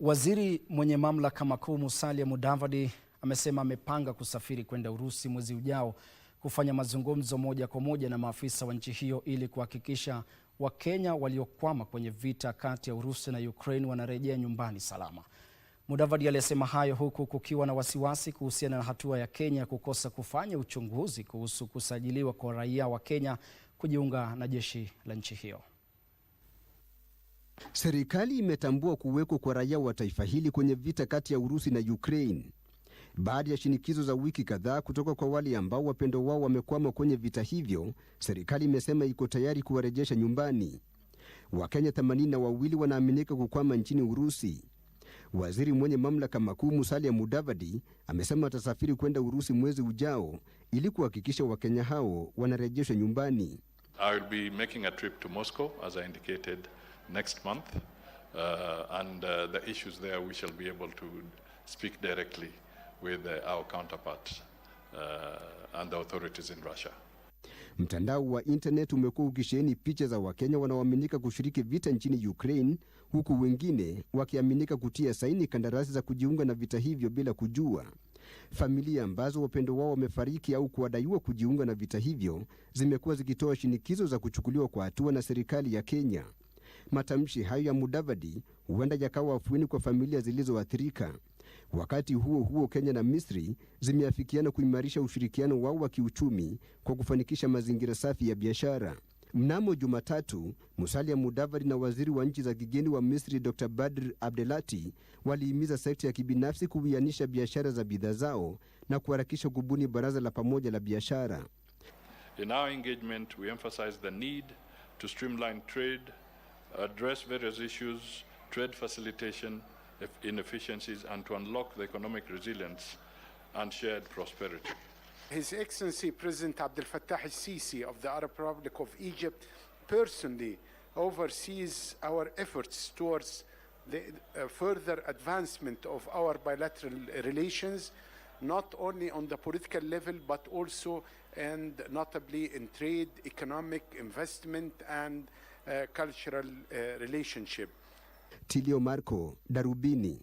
Waziri mwenye mamlaka makuu Musalia Mudavadi amesema amepanga kusafiri kwenda Urusi mwezi ujao kufanya mazungumzo moja kwa moja na maafisa wa nchi hiyo ili kuhakikisha Wakenya waliokwama kwenye vita kati ya Urusi na Ukraine wanarejea nyumbani salama. Mudavadi aliyesema hayo huku kukiwa na wasiwasi kuhusiana na hatua ya Kenya kukosa kufanya uchunguzi kuhusu kusajiliwa kwa raia wa Kenya kujiunga na jeshi la nchi hiyo. Serikali imetambua kuwekwa kwa raia wa taifa hili kwenye vita kati ya Urusi na Ukraine baada ya shinikizo za wiki kadhaa kutoka kwa wale ambao wapendo wao wamekwama kwenye vita hivyo, serikali imesema iko tayari kuwarejesha nyumbani. Wakenya themanini na wawili wanaaminika kukwama nchini Urusi. Waziri mwenye mamlaka makuu Musalia Mudavadi amesema atasafiri kwenda Urusi mwezi ujao ili kuhakikisha Wakenya hao wanarejeshwa nyumbani. I will be making a trip to Moscow as I indicated next month. Uh, and uh, the issues there, we shall be able to speak directly with uh, our counterparts and the authorities in Russia. Mtandao wa internet umekuwa ukisheheni picha za Wakenya wanaoaminika kushiriki vita nchini Ukraine, huku wengine wakiaminika kutia saini kandarasi za kujiunga na vita hivyo bila kujua. Familia ambazo wapendo wao wamefariki au kuadaiwa kujiunga na vita hivyo zimekuwa zikitoa shinikizo za kuchukuliwa kwa hatua na serikali ya Kenya. Matamshi hayo ya Mudavadi huenda yakawa afueni kwa familia zilizoathirika. Wakati huo huo, Kenya na Misri zimeafikiana kuimarisha ushirikiano wao wa kiuchumi kwa kufanikisha mazingira safi ya biashara. Mnamo Jumatatu, Musalia Mudavadi na waziri wa nchi za kigeni wa Misri Dr Badr Abdelati walihimiza sekta ya kibinafsi kuwianisha biashara za bidhaa zao na kuharakisha kubuni baraza la pamoja la biashara. In our engagement we emphasize the need to streamline trade address various issues, trade facilitation, inefficiencies, and to unlock the economic resilience and shared prosperity. His Excellency President Abdel Fattah al sisi of the Arab Republic of Egypt personally oversees our efforts towards the uh, further advancement of our bilateral relations, not only on the political level, but also and notably in trade, economic investment, and Uh, cultural uh, relationship. Tilio Marco, Darubini.